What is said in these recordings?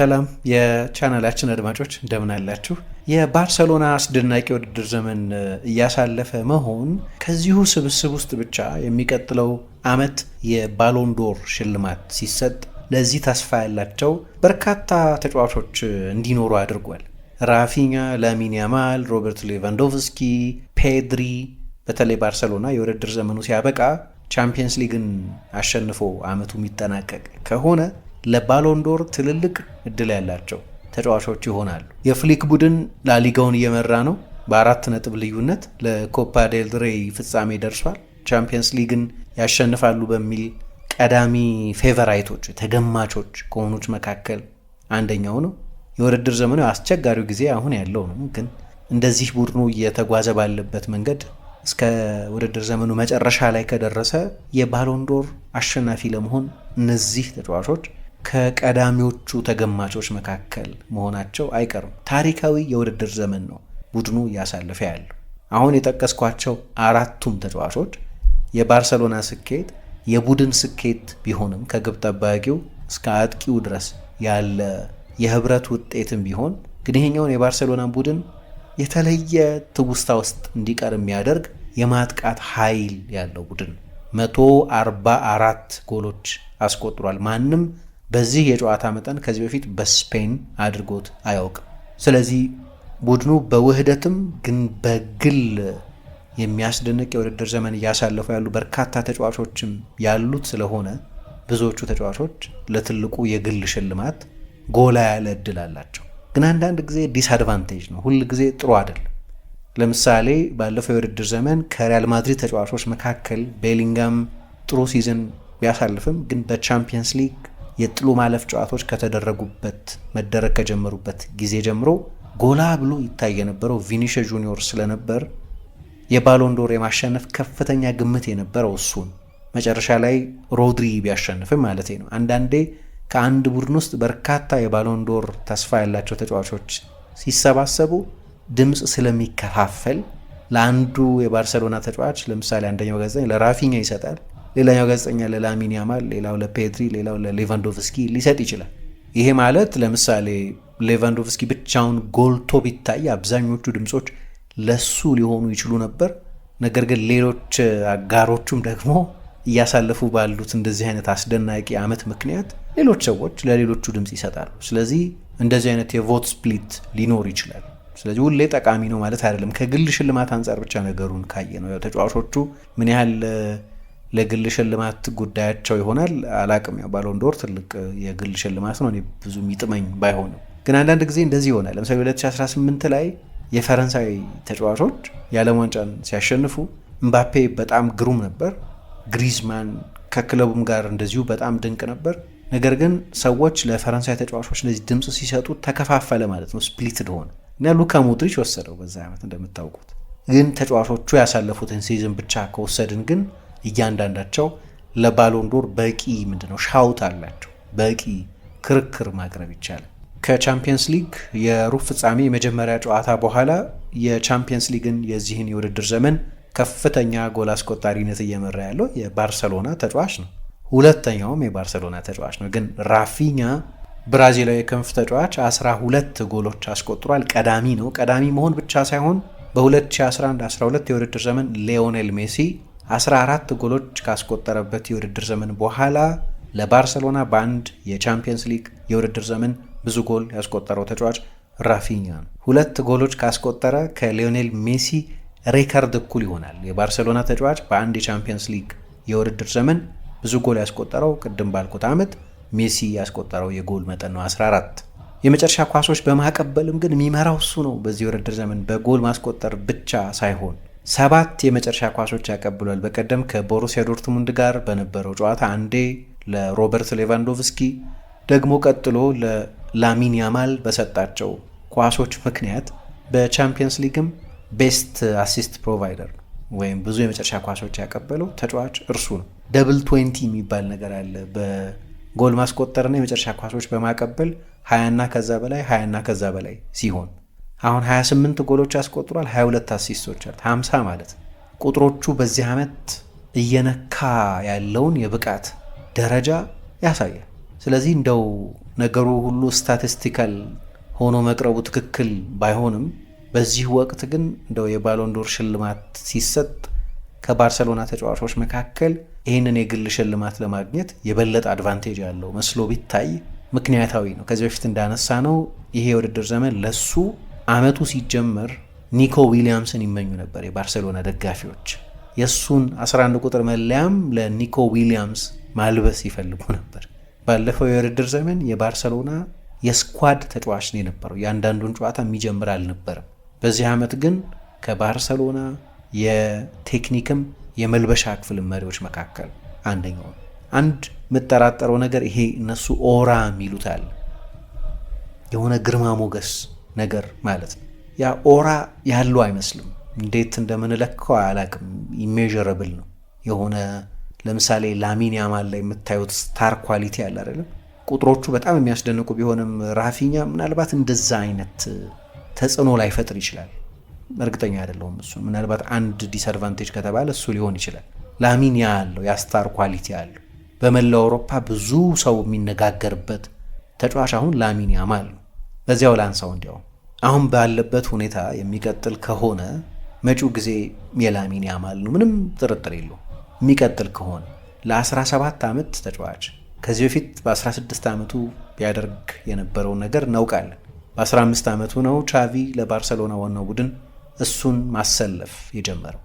ሰላም የቻናላችን አድማጮች እንደምን አላችሁ? የባርሰሎና አስደናቂ ውድድር ዘመን እያሳለፈ መሆን ከዚሁ ስብስብ ውስጥ ብቻ የሚቀጥለው ዓመት የባሎንዶር ሽልማት ሲሰጥ ለዚህ ተስፋ ያላቸው በርካታ ተጫዋቾች እንዲኖሩ አድርጓል። ራፊኛ፣ ላሚን ያማል፣ ሮበርት ሌቫንዶቭስኪ፣ ፔድሪ በተለይ ባርሰሎና የውድድር ዘመኑ ሲያበቃ ቻምፒየንስ ሊግን አሸንፎ ዓመቱ የሚጠናቀቅ ከሆነ ለባሎንዶር ትልልቅ እድል ያላቸው ተጫዋቾች ይሆናሉ። የፍሊክ ቡድን ላሊጋውን እየመራ ነው። በአራት ነጥብ ልዩነት ለኮፓ ዴል ሬይ ፍጻሜ ደርሷል። ቻምፒየንስ ሊግን ያሸንፋሉ በሚል ቀዳሚ ፌቨራይቶች ተገማቾች ከሆኑት መካከል አንደኛው ነው። የውድድር ዘመኑ አስቸጋሪው ጊዜ አሁን ያለው ነው። ግን እንደዚህ ቡድኑ እየተጓዘ ባለበት መንገድ እስከ ውድድር ዘመኑ መጨረሻ ላይ ከደረሰ የባሎንዶር አሸናፊ ለመሆን እነዚህ ተጫዋቾች ከቀዳሚዎቹ ተገማቾች መካከል መሆናቸው አይቀርም። ታሪካዊ የውድድር ዘመን ነው ቡድኑ እያሳለፈ ያለው። አሁን የጠቀስኳቸው አራቱም ተጫዋቾች የባርሰሎና ስኬት የቡድን ስኬት ቢሆንም ከግብ ጠባቂው እስከ አጥቂው ድረስ ያለ የህብረት ውጤትም ቢሆን ግን ይሄኛውን የባርሰሎና ቡድን የተለየ ትውስታ ውስጥ እንዲቀር የሚያደርግ የማጥቃት ኃይል ያለው ቡድን 144 ጎሎች አስቆጥሯል። ማንም በዚህ የጨዋታ መጠን ከዚህ በፊት በስፔን አድርጎት አያውቅም። ስለዚህ ቡድኑ በውህደትም ግን በግል የሚያስደንቅ የውድድር ዘመን እያሳለፉ ያሉ በርካታ ተጫዋቾችም ያሉት ስለሆነ ብዙዎቹ ተጫዋቾች ለትልቁ የግል ሽልማት ጎላ ያለ እድል አላቸው። ግን አንዳንድ ጊዜ ዲስአድቫንቴጅ ነው፣ ሁል ጊዜ ጥሩ አይደለም። ለምሳሌ ባለፈው የውድድር ዘመን ከሪያል ማድሪድ ተጫዋቾች መካከል ቤሊንጋም ጥሩ ሲዝን ቢያሳልፍም ግን በቻምፒየንስ ሊግ የጥሎ ማለፍ ጨዋታዎች ከተደረጉበት መደረግ ከጀመሩበት ጊዜ ጀምሮ ጎላ ብሎ ይታይ የነበረው ቪኒሽ ጁኒዮር ስለነበር የባሎንዶር የማሸነፍ ከፍተኛ ግምት የነበረው እሱን መጨረሻ ላይ ሮድሪ ቢያሸንፍም ማለት ነው። አንዳንዴ ከአንድ ቡድን ውስጥ በርካታ የባሎንዶር ተስፋ ያላቸው ተጫዋቾች ሲሰባሰቡ ድምፅ ስለሚከፋፈል ለአንዱ የባርሰሎና ተጫዋች ለምሳሌ አንደኛው ጋዜጠኛ ለራፊኛ ይሰጣል፣ ሌላኛው ጋዜጠኛ ለላሚን ያማል፣ ሌላው ለፔድሪ፣ ሌላው ለሌቫንዶቭስኪ ሊሰጥ ይችላል። ይሄ ማለት ለምሳሌ ሌቫንዶቭስኪ ብቻውን ጎልቶ ቢታይ አብዛኞቹ ድምፆች ለሱ ሊሆኑ ይችሉ ነበር። ነገር ግን ሌሎች አጋሮቹም ደግሞ እያሳለፉ ባሉት እንደዚህ አይነት አስደናቂ ዓመት ምክንያት ሌሎች ሰዎች ለሌሎቹ ድምፅ ይሰጣሉ። ስለዚህ እንደዚህ አይነት የቮት ስፕሊት ሊኖር ይችላል። ስለዚህ ሁሌ ጠቃሚ ነው ማለት አይደለም። ከግል ሽልማት አንጻር ብቻ ነገሩን ካየ ነው ተጫዋቾቹ ምን ያህል ለግል ሽልማት ጉዳያቸው ይሆናል። አላቅም ያው ባሎንዶር ትልቅ የግል ሽልማት ነው፣ ብዙ የሚጥመኝ ባይሆንም ግን አንዳንድ ጊዜ እንደዚህ ይሆናል። ለምሳሌ 2018 ላይ የፈረንሳይ ተጫዋቾች የዓለም ዋንጫን ሲያሸንፉ እምባፔ በጣም ግሩም ነበር፣ ግሪዝማን ከክለቡም ጋር እንደዚሁ በጣም ድንቅ ነበር። ነገር ግን ሰዎች ለፈረንሳይ ተጫዋቾች እንደዚህ ድምፅ ሲሰጡ ተከፋፈለ ማለት ነው፣ ስፕሊትድ ሆነ እና ሉካ ሞድሪች ወሰደው በዛ ዓመት እንደምታውቁት። ግን ተጫዋቾቹ ያሳለፉትን ሲዝን ብቻ ከወሰድን ግን እያንዳንዳቸው ለባሎንዶር በቂ ምንድነው ሻውት አላቸው። በቂ ክርክር ማቅረብ ይቻላል። ከቻምፒየንስ ሊግ የሩብ ፍጻሜ የመጀመሪያ ጨዋታ በኋላ የቻምፒየንስ ሊግን የዚህን የውድድር ዘመን ከፍተኛ ጎል አስቆጣሪነት እየመራ ያለው የባርሰሎና ተጫዋች ነው። ሁለተኛውም የባርሰሎና ተጫዋች ነው። ግን ራፊኛ ብራዚላዊ የክንፍ ተጫዋች 12 ጎሎች አስቆጥሯል። ቀዳሚ ነው። ቀዳሚ መሆን ብቻ ሳይሆን በ2011/12 የውድድር ዘመን ሊዮኔል ሜሲ 14 ጎሎች ካስቆጠረበት የውድድር ዘመን በኋላ ለባርሰሎና በአንድ የቻምፒየንስ ሊግ የውድድር ዘመን ብዙ ጎል ያስቆጠረው ተጫዋች ራፊኛ ነው። ሁለት ጎሎች ካስቆጠረ ከሊዮኔል ሜሲ ሬከርድ እኩል ይሆናል። የባርሰሎና ተጫዋች በአንድ የቻምፒየንስ ሊግ የውድድር ዘመን ብዙ ጎል ያስቆጠረው ቅድም ባልኩት ዓመት ሜሲ ያስቆጠረው የጎል መጠን ነው 14። የመጨረሻ ኳሶች በማቀበልም ግን የሚመራው እሱ ነው። በዚህ የውድድር ዘመን በጎል ማስቆጠር ብቻ ሳይሆን ሰባት የመጨረሻ ኳሶች ያቀብሏል። በቀደም ከቦሩሲያ ዶርትሙንድ ጋር በነበረው ጨዋታ አንዴ ለሮበርት ሌቫንዶቭስኪ ደግሞ ቀጥሎ ለላሚን ያማል በሰጣቸው ኳሶች ምክንያት በቻምፒየንስ ሊግም ቤስት አሲስት ፕሮቫይደር ወይም ብዙ የመጨረሻ ኳሶች ያቀበለው ተጫዋች እርሱ ነው። ደብል ትዌንቲ የሚባል ነገር አለ። በጎል ማስቆጠርና የመጨረሻ ኳሶች በማቀበል ሀያና ከዛ በላይ ሀያና ከዛ በላይ ሲሆን አሁን 28 ጎሎች አስቆጥሯል። 22 አሲስቶች አሉት 50 ማለት ቁጥሮቹ በዚህ ዓመት እየነካ ያለውን የብቃት ደረጃ ያሳያል። ስለዚህ እንደው ነገሩ ሁሉ ስታቲስቲካል ሆኖ መቅረቡ ትክክል ባይሆንም በዚህ ወቅት ግን እንደው የባሎንዶር ሽልማት ሲሰጥ ከባርሰሎና ተጫዋቾች መካከል ይህንን የግል ሽልማት ለማግኘት የበለጠ አድቫንቴጅ ያለው መስሎ ቢታይ ምክንያታዊ ነው። ከዚህ በፊት እንዳነሳ ነው ይሄ የውድድር ዘመን ለሱ አመቱ ሲጀመር ኒኮ ዊሊያምስን ይመኙ ነበር የባርሴሎና ደጋፊዎች። የእሱን 11 ቁጥር መለያም ለኒኮ ዊሊያምስ ማልበስ ይፈልጉ ነበር። ባለፈው የውድድር ዘመን የባርሰሎና የስኳድ ተጫዋች ነው የነበረው። የአንዳንዱን ጨዋታ የሚጀምር አልነበረም። በዚህ ዓመት ግን ከባርሰሎና የቴክኒክም የመልበሻ ክፍል መሪዎች መካከል አንደኛው። አንድ የምጠራጠረው ነገር ይሄ እነሱ ኦራ አለ የሆነ ግርማ ሞገስ ነገር ማለት ነው። ያ ኦራ ያለው አይመስልም። እንዴት እንደምንለካው አላቅም። ኢሜዥረብል ነው የሆነ ለምሳሌ ላሚን ያማል ላይ የምታዩት ስታር ኳሊቲ አለ አይደለም። ቁጥሮቹ በጣም የሚያስደንቁ ቢሆንም ራፊኛ ምናልባት እንደዛ አይነት ተጽዕኖ ላይፈጥር ይችላል። እርግጠኛ አይደለሁም። እሱ ምናልባት አንድ ዲስአድቫንቴጅ ከተባለ እሱ ሊሆን ይችላል። ላሚን አለው ስታር ኳሊቲ አለው። በመላው አውሮፓ ብዙ ሰው የሚነጋገርበት ተጫዋች አሁን ላሚን ያማል ነው። በዚያው ላንሳው እንዲያውም አሁን ባለበት ሁኔታ የሚቀጥል ከሆነ መጪው ጊዜ የላሚን ያማል ነው። ምንም ጥርጥር የለውም። የሚቀጥል ከሆነ ለ17 ዓመት ተጫዋች ከዚህ በፊት በ16 ዓመቱ ቢያደርግ የነበረውን ነገር እናውቃለን። በ15 ዓመቱ ነው ቻቪ ለባርሰሎና ዋናው ቡድን እሱን ማሰለፍ የጀመረው።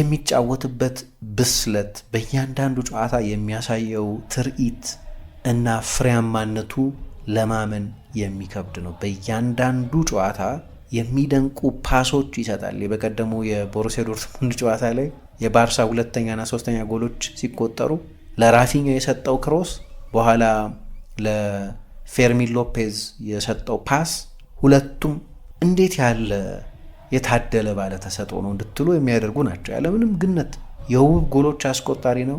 የሚጫወትበት ብስለት፣ በእያንዳንዱ ጨዋታ የሚያሳየው ትርኢት እና ፍሬያማነቱ ለማመን የሚከብድ ነው። በእያንዳንዱ ጨዋታ የሚደንቁ ፓሶች ይሰጣል። በቀደሙ የቦሩሲያ ዶርትሙንድ ጨዋታ ላይ የባርሳ ሁለተኛና ሶስተኛ ጎሎች ሲቆጠሩ ለራፊኛ የሰጠው ክሮስ በኋላ ለፌርሚን ሎፔዝ የሰጠው ፓስ ሁለቱም እንዴት ያለ የታደለ ባለ ተሰጥኦ ነው እንድትሉ የሚያደርጉ ናቸው። ያለምንም ግነት የውብ ጎሎች አስቆጣሪ ነው።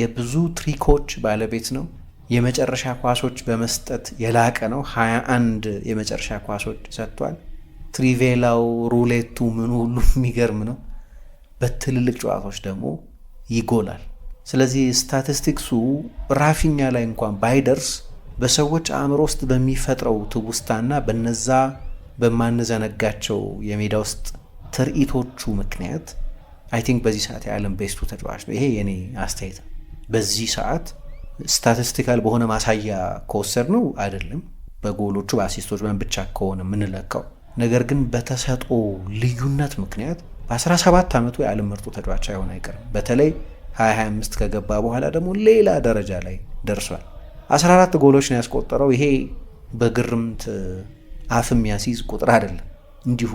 የብዙ ትሪኮች ባለቤት ነው። የመጨረሻ ኳሶች በመስጠት የላቀ ነው። 21 የመጨረሻ ኳሶች ሰጥቷል። ትሪቬላው፣ ሩሌቱ፣ ምን ሁሉ የሚገርም ነው። በትልልቅ ጨዋታዎች ደግሞ ይጎላል። ስለዚህ ስታቲስቲክሱ ራፊኛ ላይ እንኳን ባይደርስ በሰዎች አእምሮ ውስጥ በሚፈጥረው ትውስታና በነዛ በማንዘነጋቸው የሜዳ ውስጥ ትርኢቶቹ ምክንያት አይ ቲንክ በዚህ ሰዓት የዓለም ቤስቱ ተጫዋች ነው። ይሄ የኔ አስተያየት ነው። በዚህ ሰዓት ስታቲስቲካል በሆነ ማሳያ ከወሰድ ነው አይደለም፣ በጎሎቹ በአሲስቶች በን ብቻ ከሆነ የምንለካው ነገር ግን በተሰጦ ልዩነት ምክንያት በ17 ዓመቱ የዓለም ምርጡ ተጫዋች አይሆን አይቀርም። በተለይ 2025 ከገባ በኋላ ደግሞ ሌላ ደረጃ ላይ ደርሷል። 14 ጎሎች ነው ያስቆጠረው። ይሄ በግርምት አፍ የሚያስይዝ ቁጥር አይደለም፣ እንዲሁ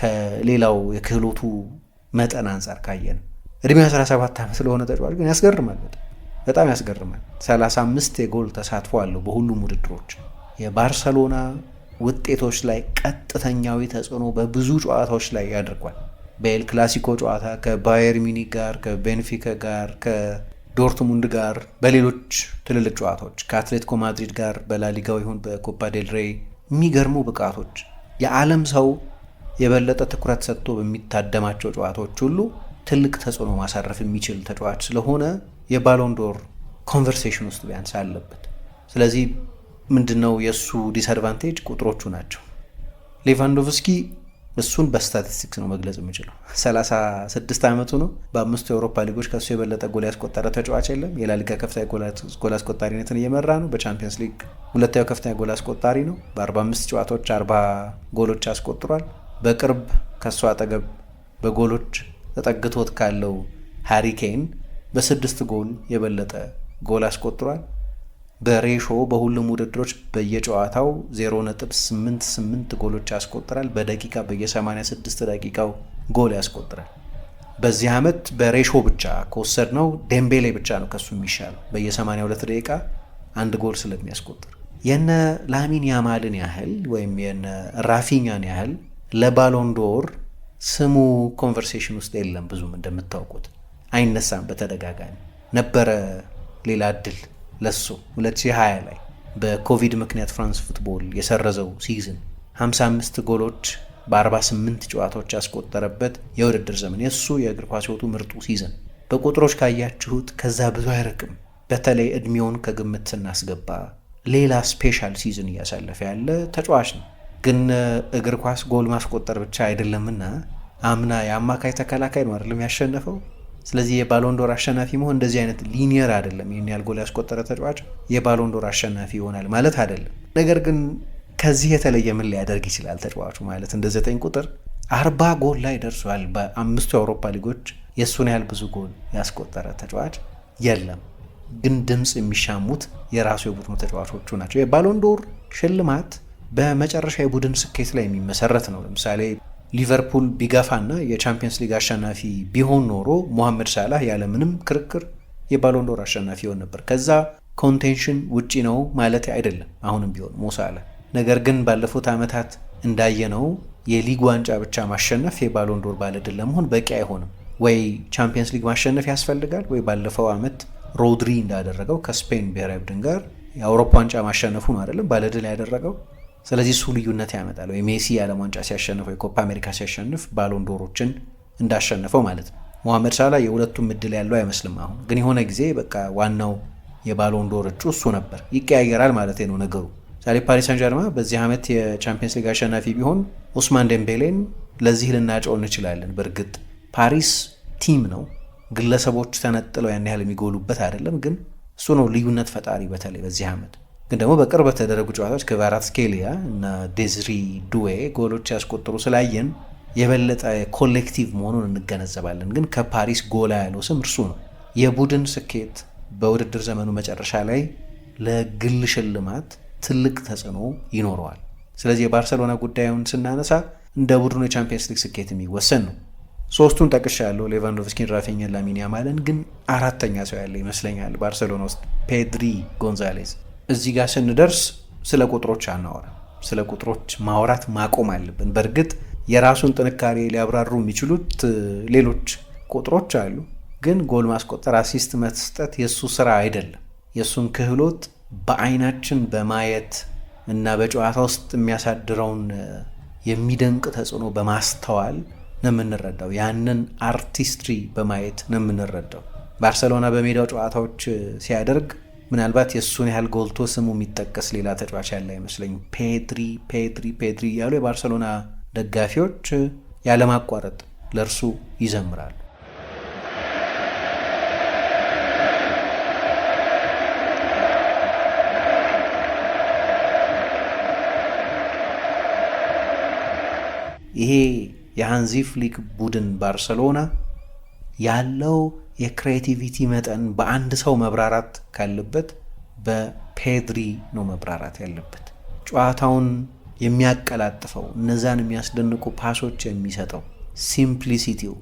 ከሌላው የክህሎቱ መጠን አንጻር ካየን እድሜ 17 ዓመት ስለሆነ ተጫዋች ግን ያስገርማል በጣም በጣም ያስገርማል። 35 የጎል ተሳትፎ አለው በሁሉም ውድድሮች። የባርሰሎና ውጤቶች ላይ ቀጥተኛዊ ተጽዕኖ በብዙ ጨዋታዎች ላይ ያደርጓል። በኤል ክላሲኮ ጨዋታ ከባየር ሚኒክ ጋር፣ ከቤንፊካ ጋር፣ ከዶርትሙንድ ጋር፣ በሌሎች ትልልቅ ጨዋታዎች ከአትሌቲኮ ማድሪድ ጋር በላሊጋው ይሁን በኮፓ ዴል ሬይ የሚገርሙ ብቃቶች የዓለም ሰው የበለጠ ትኩረት ሰጥቶ በሚታደማቸው ጨዋታዎች ሁሉ ትልቅ ተጽዕኖ ማሳረፍ የሚችል ተጫዋች ስለሆነ የባሎንዶር ኮንቨርሴሽን ውስጥ ቢያንስ አለበት። ስለዚህ ምንድነው የእሱ ዲስአድቫንቴጅ? ቁጥሮቹ ናቸው። ሌቫንዶቭስኪ እሱን በስታቲስቲክስ ነው መግለጽ የምችለው። 36 ዓመቱ ነው። በአምስቱ የአውሮፓ ሊጎች ከሱ የበለጠ ጎል ያስቆጠረ ተጫዋች የለም። የላሊጋ ከፍተኛ ጎል አስቆጣሪነትን እየመራ ነው። በቻምፒየንስ ሊግ ሁለተኛው ከፍተኛ ጎል አስቆጣሪ ነው። በ45 ጨዋታዎች 40 ጎሎች አስቆጥሯል። በቅርብ ከእሱ አጠገብ በጎሎች ተጠግቶት ካለው ሃሪኬን በስድስት ጎል የበለጠ ጎል አስቆጥሯል። በሬሾ በሁሉም ውድድሮች በየጨዋታው 0.88 ጎሎች ያስቆጥራል። በደቂቃ በየ86 ደቂቃው ጎል ያስቆጥራል። በዚህ ዓመት በሬሾ ብቻ ከወሰድ ነው ዴምቤሌ ብቻ ነው ከሱ የሚሻለው በየ82 ደቂቃ አንድ ጎል ስለሚያስቆጥር የነ ላሚን ያማልን ያህል ወይም የነ ራፊኛን ያህል ለባሎንዶር ስሙ ኮንቨርሴሽን ውስጥ የለም ብዙም እንደምታውቁት አይነሳም። በተደጋጋሚ ነበረ ሌላ እድል ለሱ 2020 ላይ በኮቪድ ምክንያት ፍራንስ ፉትቦል የሰረዘው ሲዝን 55 ጎሎች በ48 ጨዋታዎች ያስቆጠረበት የውድድር ዘመን የእሱ የእግር ኳስ ህይወቱ ምርጡ ሲዝን በቁጥሮች ካያችሁት ከዛ ብዙ አይርቅም። በተለይ እድሜውን ከግምት ስናስገባ ሌላ ስፔሻል ሲዝን እያሳለፈ ያለ ተጫዋች ነው። ግን እግር ኳስ ጎል ማስቆጠር ብቻ አይደለምና አምና የአማካይ ተከላካይ ነው አይደለም ያሸነፈው ስለዚህ የባሎንዶር አሸናፊ መሆን እንደዚህ አይነት ሊኒየር አይደለም። ይህን ያህል ጎል ያስቆጠረ ተጫዋች የባሎንዶር አሸናፊ ይሆናል ማለት አይደለም። ነገር ግን ከዚህ የተለየ ምን ሊያደርግ ይችላል ተጫዋቹ ማለት እንደ ዘጠኝ ቁጥር አርባ ጎል ላይ ደርሷል። በአምስቱ የአውሮፓ ሊጎች የእሱን ያህል ብዙ ጎል ያስቆጠረ ተጫዋች የለም። ግን ድምፅ የሚሻሙት የራሱ የቡድኑ ተጫዋቾቹ ናቸው። የባሎንዶር ሽልማት በመጨረሻ የቡድን ስኬት ላይ የሚመሰረት ነው። ለምሳሌ ሊቨርፑል ቢገፋና የቻምፒየንስ ሊግ አሸናፊ ቢሆን ኖሮ ሞሐመድ ሳላህ ያለምንም ክርክር የባሎንዶር አሸናፊ ይሆን ነበር። ከዛ ኮንቴንሽን ውጪ ነው ማለት አይደለም። አሁንም ቢሆን ሞሳላ ነገር ግን ባለፉት ዓመታት እንዳየነው የሊግ ዋንጫ ብቻ ማሸነፍ የባሎንዶር ባለድል ለመሆን በቂ አይሆንም። ወይ ቻምፒየንስ ሊግ ማሸነፍ ያስፈልጋል፣ ወይ ባለፈው ዓመት ሮድሪ እንዳደረገው ከስፔን ብሔራዊ ቡድን ጋር የአውሮፓ ዋንጫ ማሸነፉ ነው አይደለም ባለድል ያደረገው ስለዚህ እሱ ልዩነት ያመጣል። ወይ ሜሲ የዓለም ዋንጫ ሲያሸንፍ የኮፓ ኮፓ አሜሪካ ሲያሸንፍ ባሎንዶሮችን እንዳሸነፈው ማለት ነው። ሞሐመድ ሳላ የሁለቱም እድል ያለው አይመስልም። አሁን ግን የሆነ ጊዜ በቃ ዋናው የባሎንዶር እጩ እሱ ነበር። ይቀያየራል ማለት ነው ነገሩ። ዛሬ ፓሪስ ሳን ጀርማ በዚህ ዓመት የቻምፒየንስ ሊግ አሸናፊ ቢሆን ኡስማን ደምቤሌን ለዚህ ልናጨው እንችላለን። በእርግጥ ፓሪስ ቲም ነው፣ ግለሰቦች ተነጥለው ያን ያህል የሚጎሉበት አይደለም። ግን እሱ ነው ልዩነት ፈጣሪ በተለይ በዚህ ዓመት ግን ደግሞ በቅርብ በተደረጉ ጨዋታዎች ክቫራትስኬሊያ እና ዴዝሪ ዱዌ ጎሎች ያስቆጠሩ ስላየን የበለጠ ኮሌክቲቭ መሆኑን እንገነዘባለን። ግን ከፓሪስ ጎላ ያለው ስም እርሱ ነው። የቡድን ስኬት በውድድር ዘመኑ መጨረሻ ላይ ለግል ሽልማት ትልቅ ተጽዕኖ ይኖረዋል። ስለዚህ የባርሰሎና ጉዳዩን ስናነሳ እንደ ቡድኑ የቻምፒየንስ ሊግ ስኬት የሚወሰን ነው። ሶስቱን ያለው ሌቫንዶቭስኪን፣ ራፊኛን፣ ላሚን ያማልን። ግን አራተኛ ሰው ያለ ይመስለኛል ባርሰሎና ውስጥ ፔድሪ ጎንዛሌዝ እዚህ ጋር ስንደርስ ስለ ቁጥሮች አናወራ። ስለ ቁጥሮች ማውራት ማቆም አለብን። በእርግጥ የራሱን ጥንካሬ ሊያብራሩ የሚችሉት ሌሎች ቁጥሮች አሉ። ግን ጎል ማስቆጠር፣ አሲስት መስጠት የእሱ ስራ አይደለም። የእሱን ክህሎት በአይናችን በማየት እና በጨዋታ ውስጥ የሚያሳድረውን የሚደንቅ ተጽዕኖ በማስተዋል ነው የምንረዳው። ያንን አርቲስትሪ በማየት ነው የምንረዳው። ባርሰሎና በሜዳው ጨዋታዎች ሲያደርግ ምናልባት የእሱን ያህል ጎልቶ ስሙ የሚጠቀስ ሌላ ተጫዋች ያለ አይመስለኝም። ፔድሪ ፔድሪ ፔድሪ እያሉ የባርሰሎና ደጋፊዎች ያለማቋረጥ ለእርሱ ይዘምራሉ። ይሄ የሃንዚ ፍሊክ ቡድን ባርሰሎና ያለው የክሬቲቪቲ መጠን በአንድ ሰው መብራራት ካለበት በፔድሪ ነው መብራራት ያለበት። ጨዋታውን የሚያቀላጥፈው እነዛን የሚያስደንቁ ፓሶች የሚሰጠው ሲምፕሊሲቲው፣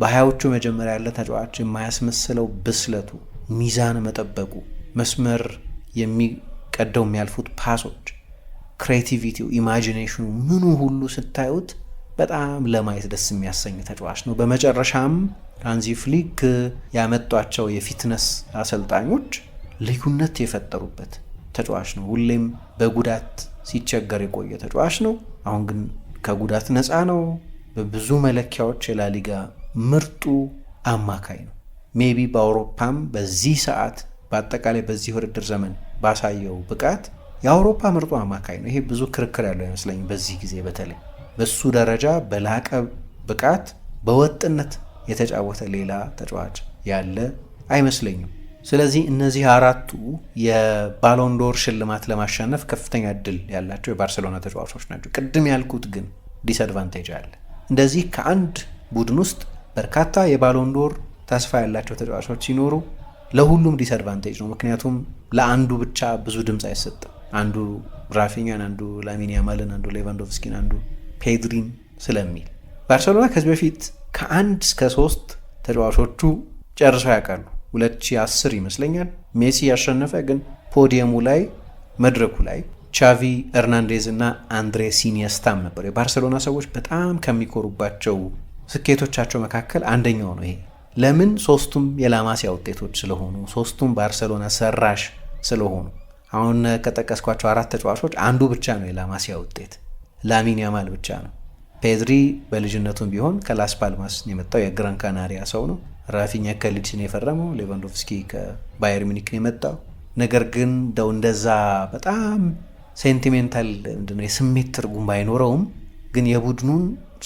በሀያዎቹ መጀመሪያ ያለ ተጫዋች የማያስመስለው ብስለቱ፣ ሚዛን መጠበቁ፣ መስመር የሚቀደው የሚያልፉት ፓሶች፣ ክሬቲቪቲው፣ ኢማጂኔሽኑ፣ ምኑ ሁሉ ስታዩት በጣም ለማየት ደስ የሚያሰኝ ተጫዋች ነው። በመጨረሻም ሃንዚ ፍሊክ ያመጧቸው የፊትነስ አሰልጣኞች ልዩነት የፈጠሩበት ተጫዋች ነው። ሁሌም በጉዳት ሲቸገር የቆየ ተጫዋች ነው። አሁን ግን ከጉዳት ነፃ ነው። በብዙ መለኪያዎች የላሊጋ ምርጡ አማካይ ነው። ሜቢ በአውሮፓም በዚህ ሰዓት በአጠቃላይ በዚህ ውድድር ዘመን ባሳየው ብቃት የአውሮፓ ምርጡ አማካይ ነው። ይሄ ብዙ ክርክር ያለው አይመስለኝም። በዚህ ጊዜ በተለይ በሱ ደረጃ በላቀ ብቃት በወጥነት የተጫወተ ሌላ ተጫዋች ያለ አይመስለኝም። ስለዚህ እነዚህ አራቱ የባሎንዶር ሽልማት ለማሸነፍ ከፍተኛ እድል ያላቸው የባርሴሎና ተጫዋቾች ናቸው። ቅድም ያልኩት ግን ዲስአድቫንቴጅ አለ። እንደዚህ ከአንድ ቡድን ውስጥ በርካታ የባሎንዶር ተስፋ ያላቸው ተጫዋቾች ሲኖሩ ለሁሉም ዲስአድቫንቴጅ ነው። ምክንያቱም ለአንዱ ብቻ ብዙ ድምፅ አይሰጥም። አንዱ ራፊኛን፣ አንዱ ላሚን ያማልን፣ አንዱ ሌቫንዶቭስኪን፣ አንዱ ፔድሪን ስለሚል ባርሴሎና ከዚህ በፊት ከአንድ እስከ ሶስት ተጫዋቾቹ ጨርሰው ያውቃሉ። 2010 ይመስለኛል ሜሲ ያሸነፈ ግን ፖዲየሙ ላይ መድረኩ ላይ ቻቪ ኤርናንዴዝ እና አንድሬ ኢኒየስታም ነበሩ። የባርሴሎና ሰዎች በጣም ከሚኮሩባቸው ስኬቶቻቸው መካከል አንደኛው ነው ይሄ። ለምን? ሶስቱም የላማሲያ ውጤቶች ስለሆኑ፣ ሶስቱም ባርሴሎና ሰራሽ ስለሆኑ። አሁን ከጠቀስኳቸው አራት ተጫዋቾች አንዱ ብቻ ነው የላማሲያ ውጤት፣ ላሚን ያማል ብቻ ነው። ፔድሪ በልጅነቱም ቢሆን ከላስ ፓልማስ የመጣው የግራን ካናሪያ ሰው ነው። ራፊኛ ከሊድስን የፈረመው፣ ሌቫንዶቭስኪ ከባየር ሚኒክን የመጣው ነገር ግን እንደው እንደዛ በጣም ሴንቲሜንታል ምንድነው የስሜት ትርጉም ባይኖረውም ግን የቡድኑን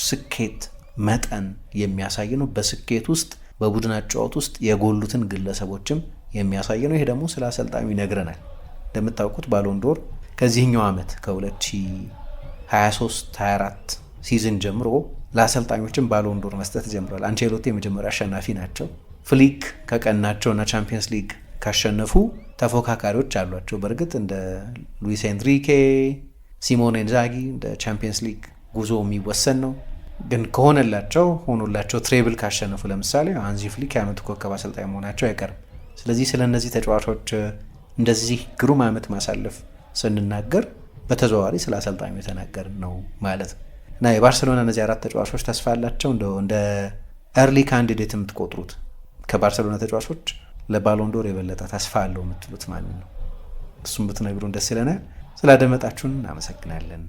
ስኬት መጠን የሚያሳይ ነው። በስኬት ውስጥ በቡድን አጫወት ውስጥ የጎሉትን ግለሰቦችም የሚያሳይ ነው። ይሄ ደግሞ ስለ አሰልጣኙ ይነግረናል። እንደምታውቁት ባሎንዶር ከዚህኛው ዓመት ከ2023 24 ሲዝን ጀምሮ ለአሰልጣኞችም ባሎንዶር መስጠት ጀምሯል። አንቼሎቲ የመጀመሪያ አሸናፊ ናቸው። ፍሊክ እና ቻምፒየንስ ሊግ ካሸነፉ ተፎካካሪዎች አሏቸው። በእርግጥ እንደ ሉዊስ ኤንሪኬ፣ ሲሞን ኢንዛጊ እንደ ቻምፒየንስ ሊግ ጉዞ የሚወሰን ነው። ግን ከሆነላቸው ሆኖላቸው ትሬብል ካሸነፉ ለምሳሌ አንዚ ፍሊክ የአመቱ ኮከብ አሰልጣኝ መሆናቸው አይቀርም። ስለዚህ ስለ እነዚህ ተጫዋቾች እንደዚህ ግሩም ዓመት ማሳለፍ ስንናገር በተዘዋዋሪ ስለ አሰልጣኙ የተናገር ነው ማለት ነው። እና የባርሰሎና እነዚህ አራት ተጫዋቾች ተስፋ ያላቸው እንደ እንደ ኤርሊ ካንዲዴት የምትቆጥሩት ከባርሰሎና ተጫዋቾች ለባሎንዶር የበለጠ ተስፋ አለው የምትሉት ማንን ነው። እሱም ብትነግሩን ደስ ይለናል። ስላደመጣችሁን እናመሰግናለን።